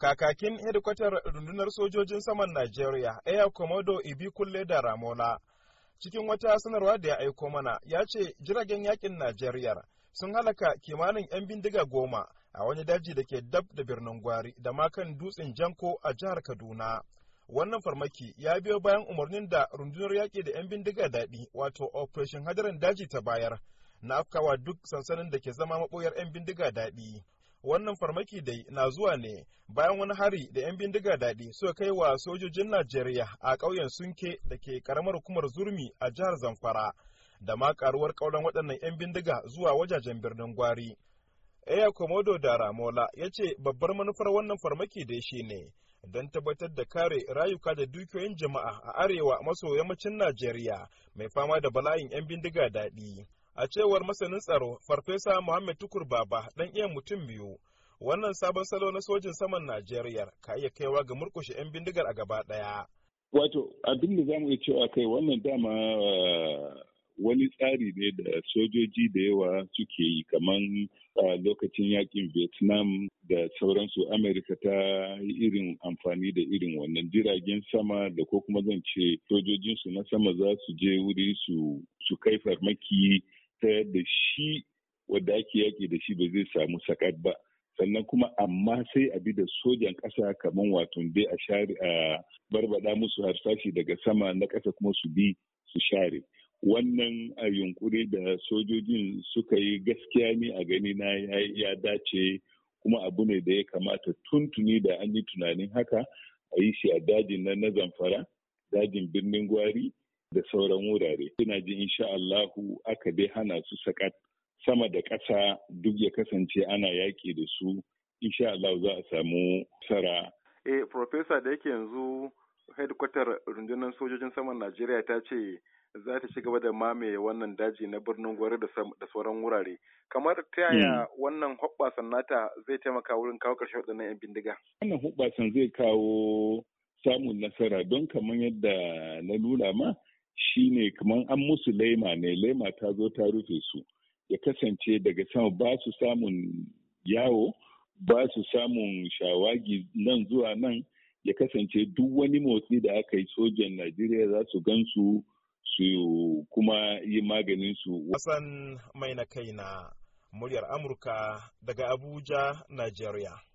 kakakin hedikwatar rundunar sojojin saman Najeriya, Air Komodo Ibi Kulle da Ramola. Cikin wata sanarwa da ya aiko mana, ya ce jiragen yakin Najeriya sun halaka kimanin 'yan bindiga goma a wani daji da ke dab da birnin Gwari da makan dutsen Janko a jihar Kaduna. Wannan farmaki ya biyo bayan umarnin da rundunar yaƙi da 'yan bindiga daɗi wato Operation Hadarin Daji ta bayar na afkawa duk sansanin da ke zama maɓoyar 'yan bindiga daɗi. wannan farmaki dai na zuwa ne bayan wani hari da 'yan bindiga daɗi suka kai wa sojojin najeriya a ƙauyen sunke da ke ƙaramar hukumar zurmi a jihar zamfara da ma ƙaruwar ƙauran waɗannan 'yan bindiga zuwa wajajen birnin gwari Eya Komodo da Ramola ya ce babbar manufar wannan farmaki dai shi ne don tabbatar da kare rayuka da dukiyoyin jama'a a arewa maso yammacin Najeriya mai fama da bala'in 'yan bindiga daɗi. a cewar masanin tsaro farfesa muhammed tukur baba dan iya mutum biyu wannan sabon salo na sojin saman najeriya ka iya kaiwa ga murkushe 'yan bindigar a gaba daya wato abin da zamu iya cewa kai wannan dama eh, wani tsari ne da sojoji da yawa suke yi kamar a eh, lokacin yakin vietnam da sauransu amerika ta yi irin amfani da irin wannan jiragen sama da ko kuma zan ce sojojinsu na sama za su je wuri su kai farmaki ta yadda shi wadda ake yaƙi da shi ba zai samu sakat ba sannan kuma amma sai a bi da sojan ƙasa kamar wato dai a share a barbada musu harsashi daga sama na ƙasa kuma su bi su share wannan a yunkuri da sojojin suka yi gaskiya ne a gani na ya dace kuma abu ne da ya kamata tuntuni da an yi tunanin haka a yi shi a dajin na zamfara dajin birnin gwari da sauran wurare. Ina ji insha Allahu aka dai hana su sakat sama da ƙasa duk ya kasance ana yaƙi da su insha Allahu za a samu sara. Eh, Profesa da yake yanzu hedkwatar rundunar sojojin saman Najeriya ta ce za ta ci gaba da mamaye wannan daji na birnin gwari da sauran wurare. Kamar ta yaya hmm. wannan hoɓɓasan nata zai taimaka wurin kawo ƙarshe waɗannan 'yan bindiga? Wannan hoɓɓasan zai kawo samun nasara don kamar yadda na nuna ma shine kamar an musu laima ne laima ta zo ta rufe su ya kasance daga sama ba su samun yawo ba su samun shawagi nan zuwa nan ya kasance duk wani motsi da aka yi sojan najeriya za su gan su su kuma yi maganin su wasan mai na kai na muryar amurka daga abuja najeriya